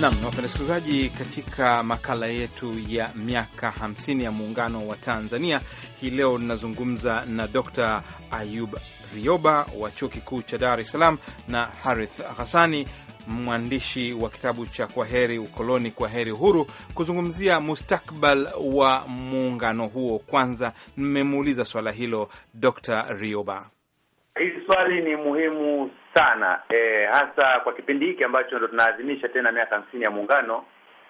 Nam wapenda katika makala yetu ya miaka 50 ya muungano wa Tanzania hii leo ninazungumza na Dr Ayub Rioba wa chuo kikuu cha Dar es Salaam na Harith Hassani, mwandishi wa kitabu cha Kwaheri Ukoloni, Kwaheri Uhuru, kuzungumzia mustakbal wa muungano huo. Kwanza nimemuuliza swala hilo Dr Rioba. Hili swali ni muhimu sana e, hasa kwa kipindi hiki ambacho ndo tunaadhimisha tena miaka hamsini ya Muungano,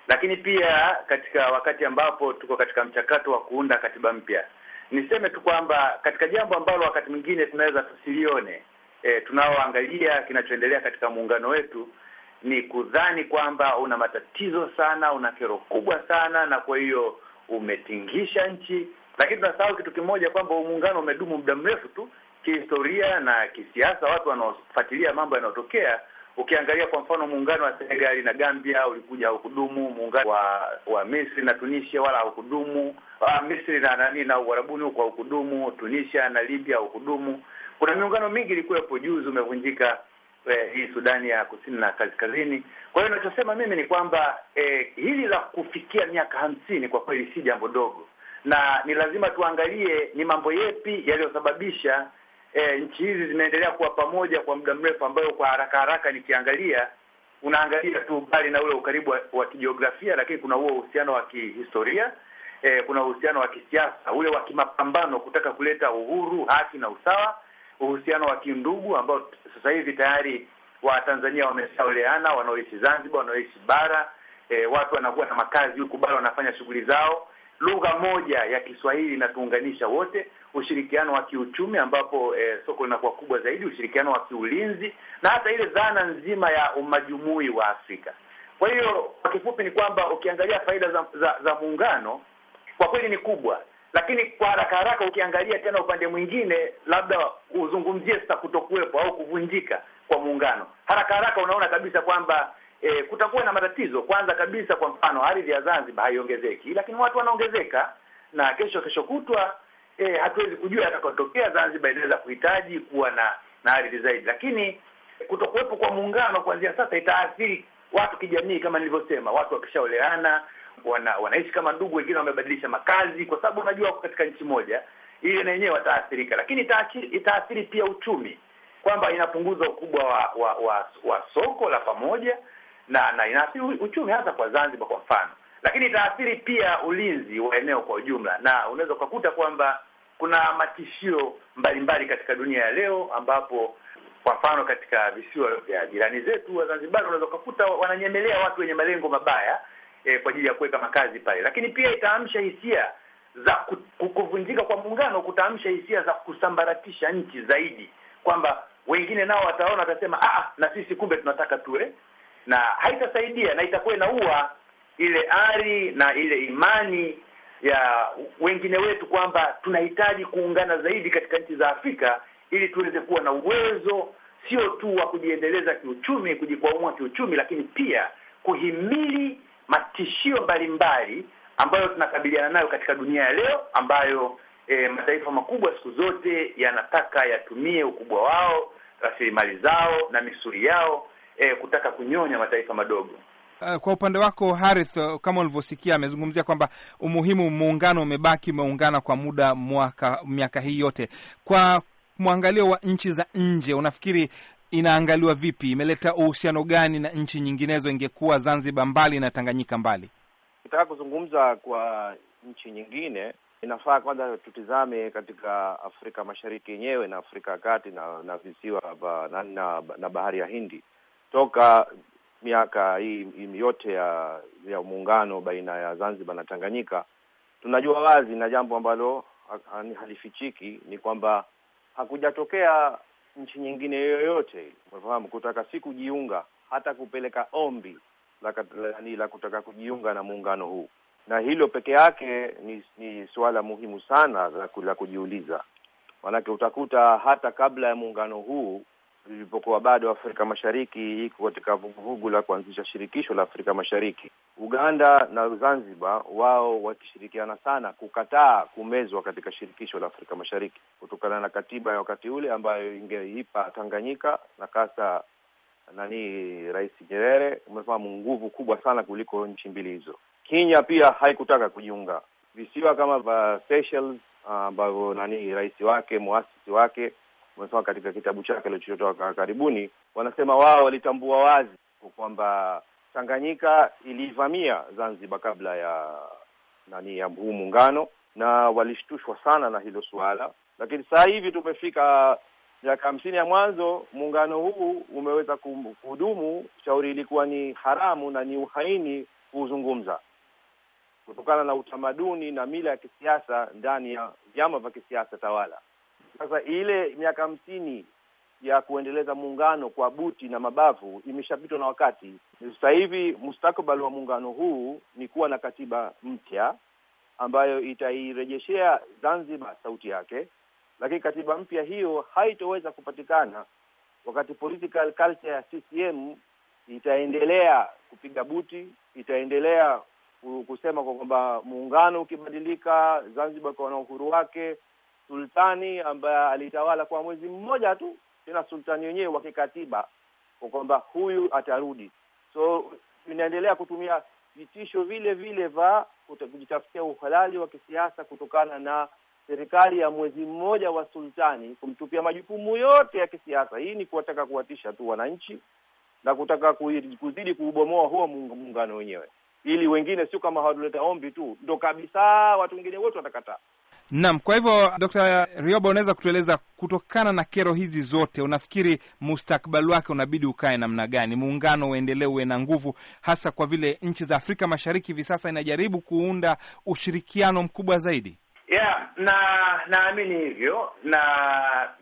lakini pia katika wakati ambapo tuko katika mchakato wa kuunda katiba mpya. Niseme tu kwamba katika jambo ambalo wakati mwingine tunaweza tusilione, e, tunaoangalia kinachoendelea katika muungano wetu ni kudhani kwamba una matatizo sana, una kero kubwa sana, na kwa hiyo umetingisha nchi, lakini tunasahau kitu kimoja kwamba muungano umedumu muda mrefu tu, kihistoria na kisiasa, watu wanaofuatilia mambo yanayotokea. Ukiangalia kwa mfano muungano wa Senegali na Gambia ulikuja haukudumu, muungano wa wa Misri na Tunisia wala haukudumu, wa ah, Misri na nani na Uarabuni huko haukudumu, Tunisia na Libya haukudumu. Kuna miungano mingi ilikuwepo, juzi umevunjika eh, hii Sudani ya kusini na kaskazini. Kwa hiyo ninachosema mimi ni kwamba eh, hili la kufikia miaka hamsini kwa kweli si jambo dogo, na ni lazima tuangalie ni mambo yepi yaliyosababisha e, nchi hizi zimeendelea kuwa pamoja kwa muda mrefu, ambayo kwa haraka haraka nikiangalia, unaangalia tu mbali na ule ukaribu wa, wa kijiografia, lakini kuna huo uhusiano wa kihistoria e, kuna uhusiano wa kisiasa ule wa kimapambano, kutaka kuleta uhuru, haki na usawa, uhusiano wa kindugu ambao sasa hivi tayari Watanzania wameshaoleana, wanaoishi Zanzibar, wanaoishi bara e, watu wanakuwa na makazi huku bara, wanafanya shughuli zao lugha moja ya Kiswahili inatuunganisha wote, ushirikiano wa kiuchumi ambapo e, soko linakuwa kubwa zaidi, ushirikiano wa kiulinzi na hata ile dhana nzima ya umajumui wa Afrika. Kwa hiyo kwa kifupi ni kwamba ukiangalia faida za, za, za muungano kwa kweli ni kubwa, lakini kwa haraka haraka ukiangalia tena upande mwingine, labda uzungumzie sasa kutokuwepo au kuvunjika kwa muungano, haraka haraka unaona kabisa kwamba e, kutakuwa na matatizo. Kwanza kabisa, kwa mfano, ardhi ya Zanzibar haiongezeki, lakini watu wanaongezeka, na kesho kesho kutwa e, hatuwezi kujua atakotokea Zanzibar inaweza kuhitaji kuwa na na ardhi zaidi, lakini kutokuwepo kwa muungano kuanzia sasa itaathiri watu kijamii, kama nilivyosema, watu wakishaoleana wana, wanaishi kama ndugu, wengine wamebadilisha makazi, kwa sababu unajua wako katika nchi moja, ile na yenyewe wataathirika, lakini itaathiri pia uchumi, kwamba inapunguza ukubwa wa wa, wa wa soko la pamoja na, na inaathiri uchumi hasa kwa Zanzibar kwa mfano, lakini itaathiri pia ulinzi wa eneo kwa ujumla, na unaweza ukakuta kwamba kuna matishio mbalimbali katika dunia ya leo ambapo kwa mfano katika visiwa vya jirani zetu wa Zanzibar unaweza ukakuta wananyemelea watu wenye malengo mabaya eh, kwa ajili ya kuweka makazi pale, lakini pia itaamsha hisia za kuvunjika kwa muungano, kutaamsha hisia za kusambaratisha nchi zaidi, kwamba wengine nao wataona, watasema ah, ah na sisi kumbe tunataka tuwe na haitasaidia na itakuwa inaua ile ari na ile imani ya wengine wetu kwamba tunahitaji kuungana zaidi katika nchi za Afrika ili tuweze kuwa na uwezo sio tu wa kujiendeleza kiuchumi, kujikwamua kiuchumi, lakini pia kuhimili matishio mbalimbali ambayo tunakabiliana nayo katika dunia ya leo ambayo e, mataifa makubwa siku zote yanataka yatumie ukubwa wao, rasilimali zao na misuli yao eh, kutaka kunyonya mataifa madogo. Eh, kwa upande wako Harith, kama ulivyosikia, amezungumzia kwamba umuhimu muungano umebaki umeungana kwa muda mwaka miaka hii yote. Kwa mwangalio wa nchi za nje, unafikiri inaangaliwa vipi? Imeleta uhusiano gani na nchi nyinginezo? Ingekuwa Zanzibar mbali na Tanganyika mbali, ukitaka kuzungumza kwa nchi nyingine inafaa kwanza tutizame katika Afrika Mashariki yenyewe na Afrika ya Kati na na visiwa ba, na, na, na bahari ya Hindi toka miaka hii, yote ya ya muungano baina ya Zanzibar na Tanganyika, tunajua wazi na jambo ambalo halifichiki ni kwamba hakujatokea nchi nyingine yoyote, unafahamu, kutaka si kujiunga hata kupeleka ombi la, la, la kutaka kujiunga na muungano huu, na hilo peke yake ni, ni suala muhimu sana la kujiuliza, maanake utakuta hata kabla ya muungano huu ilipokuwa bado Afrika Mashariki iko katika vuguvugu la kuanzisha shirikisho la Afrika Mashariki. Uganda na Zanzibar wao wakishirikiana sana kukataa kumezwa katika shirikisho la Afrika Mashariki kutokana na katiba ya wakati ule ambayo ingeipa Tanganyika na kasa nani, Rais Nyerere, umefahamu, nguvu kubwa sana kuliko nchi mbili hizo. Kenya pia haikutaka kujiunga. Visiwa kama vya Seychelles ah, ambavyo nani, rais wake muasisi wake wamesema katika kitabu chake alichotoa karibuni, wanasema wao walitambua wazi kwamba Tanganyika ilivamia Zanzibar kabla ya nani ya huu muungano, na walishtushwa sana na hilo suala, lakini sasa hivi tumefika miaka hamsini ya mwanzo muungano huu umeweza kuhudumu. Shauri ilikuwa ni haramu na ni uhaini kuuzungumza kutokana na utamaduni na mila ya kisiasa ndani ya vyama vya kisiasa tawala. Sasa ile miaka hamsini ya kuendeleza muungano kwa buti na mabavu imeshapitwa na wakati. Sasa hivi mustakabali wa muungano huu ni kuwa na katiba mpya ambayo itairejeshea Zanzibar sauti yake, lakini katiba mpya hiyo haitoweza kupatikana wakati political culture ya CCM itaendelea kupiga buti, itaendelea kusema kwa kwamba muungano ukibadilika Zanzibar ukawa na uhuru wake sultani ambaye alitawala kwa mwezi mmoja tu, tena sultani wenyewe wa kikatiba, kwamba huyu atarudi. So inaendelea kutumia vitisho vile vile va kujitafutia uhalali wa kisiasa kutokana na serikali ya mwezi mmoja wa sultani kumtupia majukumu yote ya kisiasa. Hii ni kuwataka kuwatisha tu wananchi na kutaka kuzidi kuubomoa huo muungano wenyewe, ili wengine sio kama hawatuleta ombi tu ndo kabisa, watu wengine wote watakataa. Naam, kwa hivyo Dr. Rioba, unaweza kutueleza kutokana na kero hizi zote, unafikiri mustakbal wake unabidi ukae namna gani? Muungano uendelee, uwe na nguvu, hasa kwa vile nchi za Afrika Mashariki hivi sasa inajaribu kuunda ushirikiano mkubwa zaidi. Yeah, na naamini hivyo, na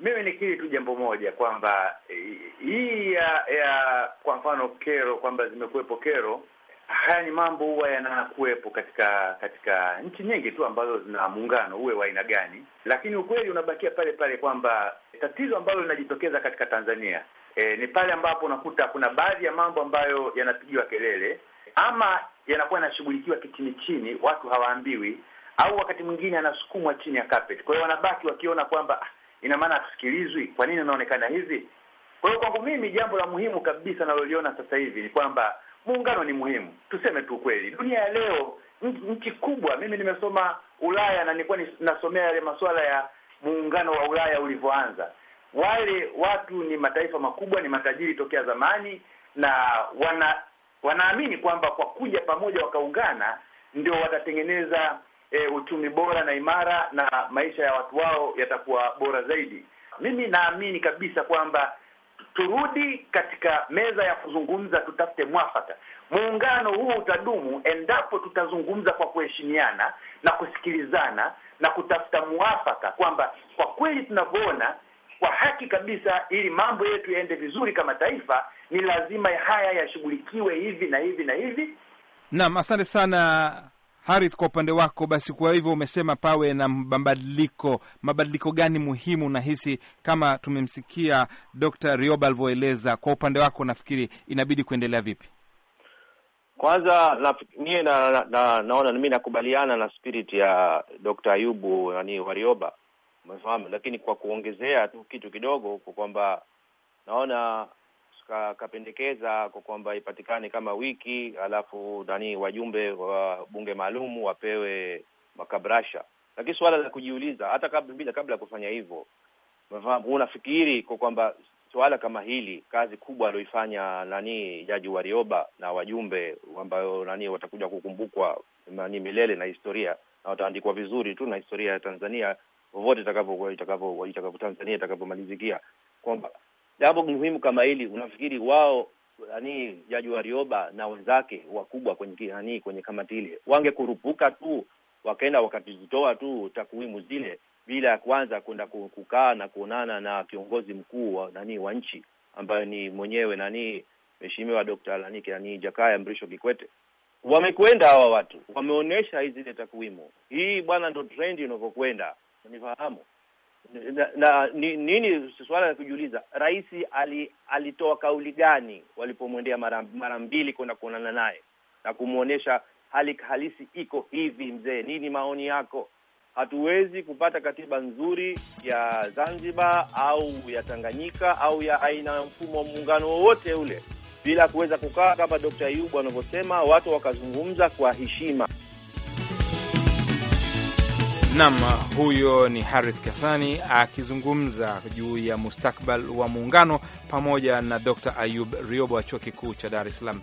mimi nikiri tu jambo moja kwamba eh, hii ya, ya kwa mfano kero kwamba zimekuwepo kero haya ni mambo huwa yanakuwepo katika katika nchi nyingi tu ambazo zina muungano uwe wa aina gani, lakini ukweli unabakia pale pale kwamba tatizo ambalo linajitokeza katika Tanzania e, ni pale ambapo unakuta kuna baadhi ya mambo ambayo yanapigiwa kelele ama yanakuwa yanashughulikiwa kichini chini, watu hawaambiwi, au wakati mwingine anasukumwa chini ya carpet. Kwa hiyo wanabaki wakiona kwamba ah, ina maana hatusikilizwi, kwa nini unaonekana hivi? Kwa hiyo kwangu mimi jambo la muhimu kabisa naloliona sasa hivi ni kwamba muungano ni muhimu, tuseme tu kweli. Dunia ya leo nchi kubwa, mimi nimesoma Ulaya na nilikuwa nasomea yale masuala ya muungano wa Ulaya ulivyoanza. Wale watu ni mataifa makubwa, ni matajiri tokea zamani, na wana wanaamini kwamba kwa kuja pamoja wakaungana ndio watatengeneza e, uchumi bora na imara na maisha ya watu wao yatakuwa bora zaidi. Mimi naamini kabisa kwamba turudi katika meza ya kuzungumza, tutafute mwafaka. Muungano huu utadumu endapo tutazungumza kwa kuheshimiana na kusikilizana na kutafuta mwafaka, kwamba kwa kweli tunavyoona kwa haki kabisa, ili mambo yetu yaende vizuri kama taifa, ni lazima haya yashughulikiwe hivi na hivi na hivi. Naam, asante sana Harith, kwa upande wako basi, kwa hivyo umesema pawe na mabadiliko. Mabadiliko gani muhimu? Nahisi kama tumemsikia Dr. Rioba alivyoeleza, kwa upande wako nafikiri inabidi kuendelea vipi? Kwanza niye na, na, na, naona mi nakubaliana na spirit ya Dr. Ayubu nani Warioba, umefahamu. Lakini kwa kuongezea tu kitu kidogo kwa kwamba naona kapendekeza kwa kwamba ipatikane kama wiki, alafu nani wajumbe wa bunge maalum wapewe makabrasha. Lakini suala la kujiuliza hata kabla kabla ya kufanya hivyo, unafikiri kwa kwamba suala kama hili, kazi kubwa aliyoifanya nani Jaji Warioba na wajumbe ambayo nani watakuja kukumbukwa nani milele na historia na wataandikwa vizuri tu na historia ya Tanzania vovote itakapo itakapo Tanzania itakavyomalizikia kwamba jambo muhimu kama hili, unafikiri wao yani Jaji Warioba na wenzake wakubwa kwenye yani, kwenye kamati ile wangekurupuka tu wakaenda wakatizitoa tu takwimu zile bila ya kwanza kwenda kukaa na kuonana na kiongozi mkuu wa nani wa nchi ambayo ni mwenyewe nani Mheshimiwa Dr. nani nani Jakaya Mrisho Kikwete. Wamekwenda hawa watu, wameonyesha hizi zile takwimu. Hii bwana, ndo trendi inavyokwenda, unifahamu na, na ni, nini suala la kujiuliza, rais ali, alitoa kauli gani walipomwendea mara mbili kwenda kuonana naye na kumwonyesha hali halisi iko hivi. Mzee, nini maoni yako? Hatuwezi kupata katiba nzuri ya Zanzibar au ya Tanganyika au ya aina ya mfumo wa muungano wowote ule bila kuweza kukaa kama Dkt. yubu anavyosema, watu wakazungumza kwa heshima. Nam, huyo ni Harith Kasani akizungumza juu ya mustakbal wa muungano pamoja na Dr Ayub Riobo wa chuo kikuu cha Dar es Salaam.